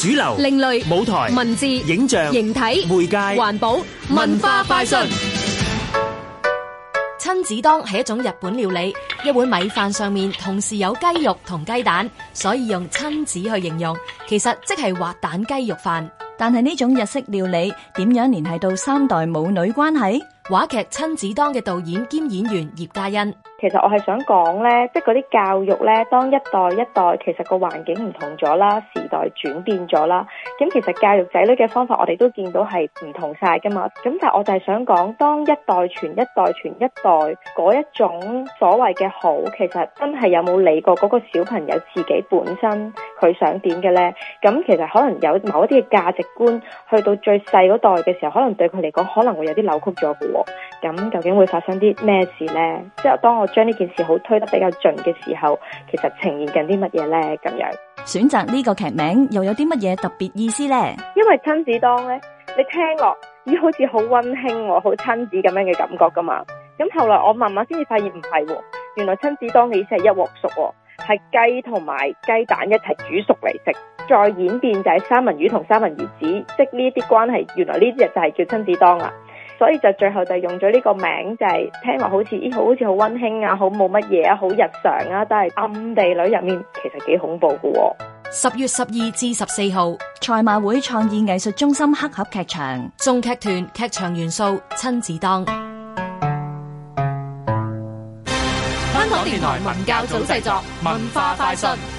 主流、另類、舞台、文字、影像、形體、媒介、環保、文化快訊。親子當係一種日本料理，一碗米飯上面同時有雞肉同雞蛋，所以用親子去形容。其實即係滑蛋雞肉飯。但係呢種日式料理點樣連繫到三代母女關係？話劇《親子當》嘅導演兼演員葉嘉欣，其實我係想講咧，即係嗰啲教育咧，當一代一代其實個環境唔同咗啦。轉變咗啦，咁其實教育仔女嘅方法我哋都見到係唔同晒噶嘛，咁但係我就係想講，當一代傳一代傳一代嗰一種所謂嘅好，其實真係有冇理過嗰個小朋友自己本身佢想點嘅咧？咁其實可能有某一啲嘅價值觀去到最細嗰代嘅時候，可能對佢嚟講可能會有啲扭曲咗噶，咁究竟會發生啲咩事咧？即係當我將呢件事好推得比較盡嘅時候，其實呈現緊啲乜嘢咧？咁樣。選擇呢個劇名又有啲乜嘢特別意思呢？因為親子當呢，你聽落咦好似好溫馨喎，哦，好親子咁樣嘅感覺㗎嘛。咁後來我慢慢先至發現唔係，哦，原來親子當嘅意思係一鑊熟，哦，係雞同埋雞蛋一齊煮熟嚟食。再演變就係三文魚同三文魚子，即呢啲關係，原來呢隻就係叫親子當啦。所以就最後就用咗呢個名，就係聽落好似咦，好似好溫馨啊，好冇乜嘢啊，好日常啊，但係暗地裏入面其實幾恐怖嘅。十月十二至十四號，賽馬會創意藝術中心黑盒劇場，眾劇團劇場元素，親子檔。香港電台文教組製作，文化快訊。